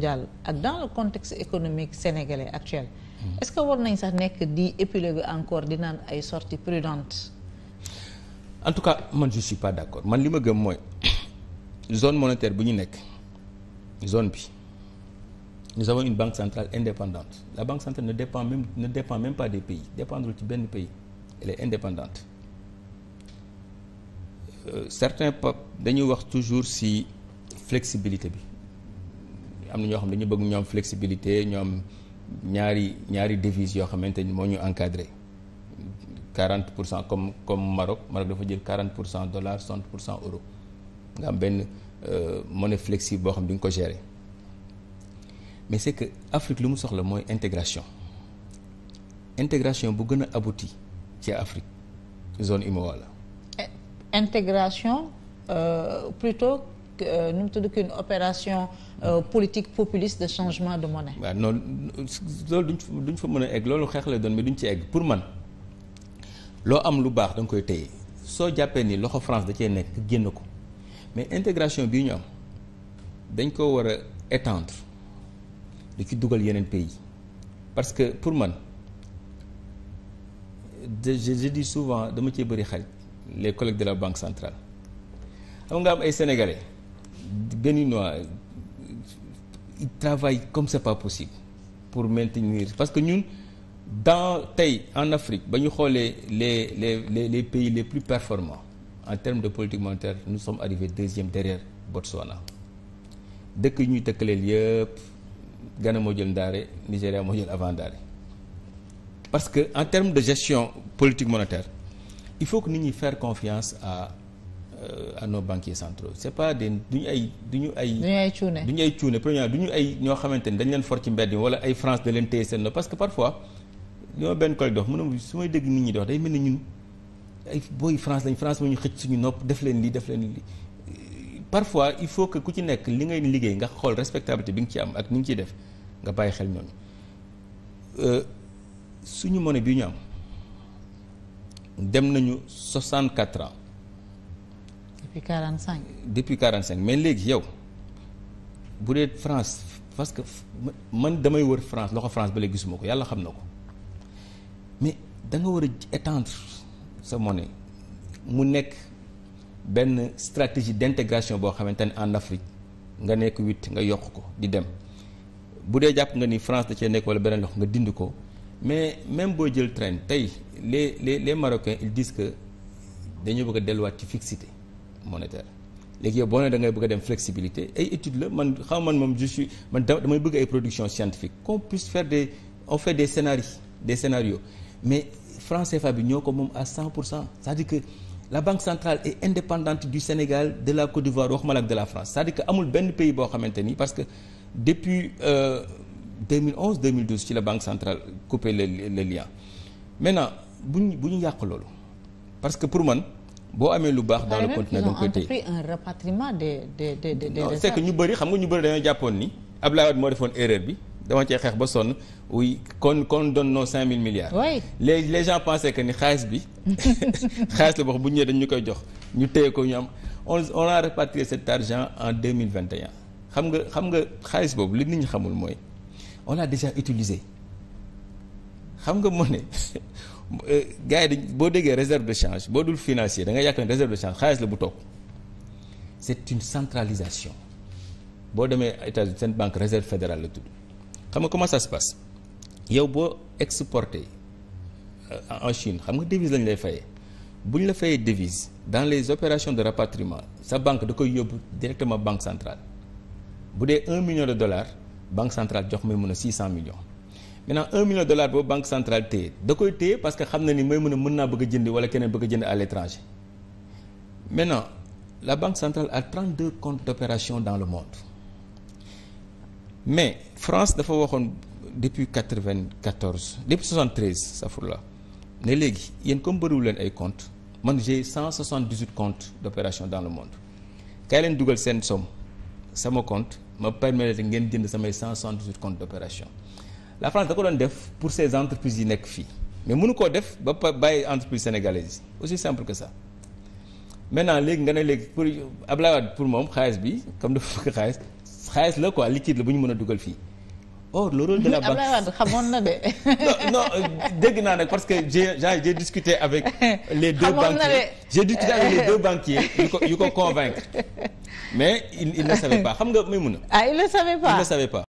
mondiale ak dans le contexte économique sénégalais actuel hmm. est ce que war nañ sax nekk di épiloguer encore di naan ay sorties prudentes en tout cas man je suis pas d' accord man li ma gëm mooy zone monétaire bu ñu nekk zone bi nous avons une banque centrale indépendante la banque centrale ne dépend même ne dépend même pas de pays dépendul ci benn pays elle est indépendante euh, certains pap dañuy wax toujours si flexibilité bi am na ñoo xam ne dañu bëgg ñoom flexibilité ñoom ñaari ñaari dévise yoo xamante ni moo ñu encadré 40 pour cent comme comme Maroc Maroc dafa jël 40 pour cent dollar 60 pour cent euro nga am benn euh, monnaie flexible boo xam di nga ko gérer mais c'est que Afrique lu mu soxla mooy intégration intégration bu gën a abouti ci Afrique zone UEMOA la. Eh, intégration euh, Euh, nu mu tudd qu'une opération euh, politique populiste de changement de monnaie. waaw non loolu duñ fa mën a egg loolu xeex la doon mais duñ ci egg pour man loo am lu baax da koy téye soo jàppee ni loxo France da cee nekk génn ko mais intégration bii ñu am dañ koo war a étendre di ci dugal yeneen pays parce que pour man de je, je dis souvent dama cee bëri xarit les collègues de la banque centrale xam nga am ay sénégalais. béninois ils travaillent comme c'est pas possible pour maintenir parce que ñun dans tey en Afrique ba ñu xoolee les les les les pays les plus performants en termes de politique monétaire nous sommes arrivés deuxième derrière Botswana dëkk yi ñuy tëkkaleel yëpp Ghana moo jël ndaare Nigéria moo jël avant ndaare parce que en termes de gestion politique monétaire il faut que nit ñi faire confiance à Euh, à nos banquiers centraux c'est pas des duñu ay duñu ay. duñu ay cuune duñu ay cuune premièrement ay ñoo xamante ni dañ leen for ci mbedd wala ay France da leen téye seen la parce que parfois ñoo benn collègue dox mu ne su may dégg nit ñi dox day mel ni ñun ay booy France lañ France moo ñu xëcc suñu nopp def leen lii def leen lii. parfois il faut que ku ci nekk li ngay liggéey nga xool respectabilité bi nga ci am ak ni nga ciy def nga bàyyi xel ñooñu euh, suñu monnaie bi ñu am dem nañu 64 ans. depuis 45. depuis 45 mais léegi yow bu dee France parce que man damay wër France loxo France ba léegi gisuma ko yàlla xam na ko mais da nga war a étendre sa monnaie mu nekk benn stratégie d'intégration boo xamante ne en Afrique nga nekk huit nga yokk ko di dem bu dee jàpp nga ni France da cee nekk wala beneen loxo nga dind ko. mais même boo jël train tey les les les Marocains ils disent dañoo bëgg a delluwaat ci fixité monétaire léegi yow boo ne da ngay bëgg a dem flexibilité ay la man xam man moom je man damay bëgg ay production scientifique qu'on puisse faire des on fait des scénarios des scénarios mais franc CFA bi ñoo ko moom à 100 pour cent cest à que la banque centrale et indépendante du Sénégal de la Côte d'Ivoire waxuma la ak de la France c'est-à-dire que amul benn pays boo xamante ni parce que depuis euh, 2011 2012 ci la banque centrale coupé le le lien maintenant bu ñu bu ñu yàq loolu parce que pour man. boo amee lu baax dans le continent da nga koy téye un rapatriement des des ñu bëri xam nga ñu bëri dañoo jàppoon ni Abdoulaye Wade moo defoon erreur bi dama cee xeex ba sonn oui kon kon donne nos cinq mille milliards oui les les gens que ni xaalis bi xaalis la boo xam bu ñëwee dañ ñu koy jox ñu téye ko ñu am on on a répatrié cet argent en deux mille vingt xam nga xam nga xaalis boobu li nit ñi xamul mooy on l'a déjà utilisé xam nga moo gars yi dañ boo déggee réserve de change boo dul financier da nga yàq ne réserve de change xaalis la bu toog c'est une centralisation boo demee États-Unis seen banque réserve fédérale la tudd xam nga comment ça se yow boo exporté euh, en Chine xam nga devise lañ lay fayee bu ñu la fayee devise dans les opérations de rapatriement sa banque da koy yóbbu directement banque centrale bu dee un million de dollars banque centrale jox may mën a six cent millions maintenant un million de dollars boobu banque centrale téye da koy téye parce que xam na ni mooy mën a mën naa bëgg a jënd wala keneen bëgg a jënd à l'étranger maintenant la banque centrale trent deux comptes d'opération dans le monde mais France dafa waxoon depuis 94 depuis 73 la ne léegi yéen comme bëriwul ay comptes man j'ai 178 comptes d'opération dans le monde kaay leen dugal seen somme sama compte ma permettre ngeen jënd samay 178 comptes d'opération la France da ko doon def pour ces entreprises yi nekk fii mais mënu koo def ba bàyyi entreprise sénégalaise yi aussi simple que ça maintenant léegi nga ne léegi pour Ablaye Wade pour moom xaalis bi comme dafa bëgg xaalis xaalis la quoi liquide la bu ñu mën a dugal fii or le rôle de la banque xamoon na de. non non dégg naa nag parce que j'ai j'ai discuté avec les deux banquiers j'ai discuté avec les deux banquiers yu ko yu ko convaincre mais il ne savait pas xam nga muy a ah il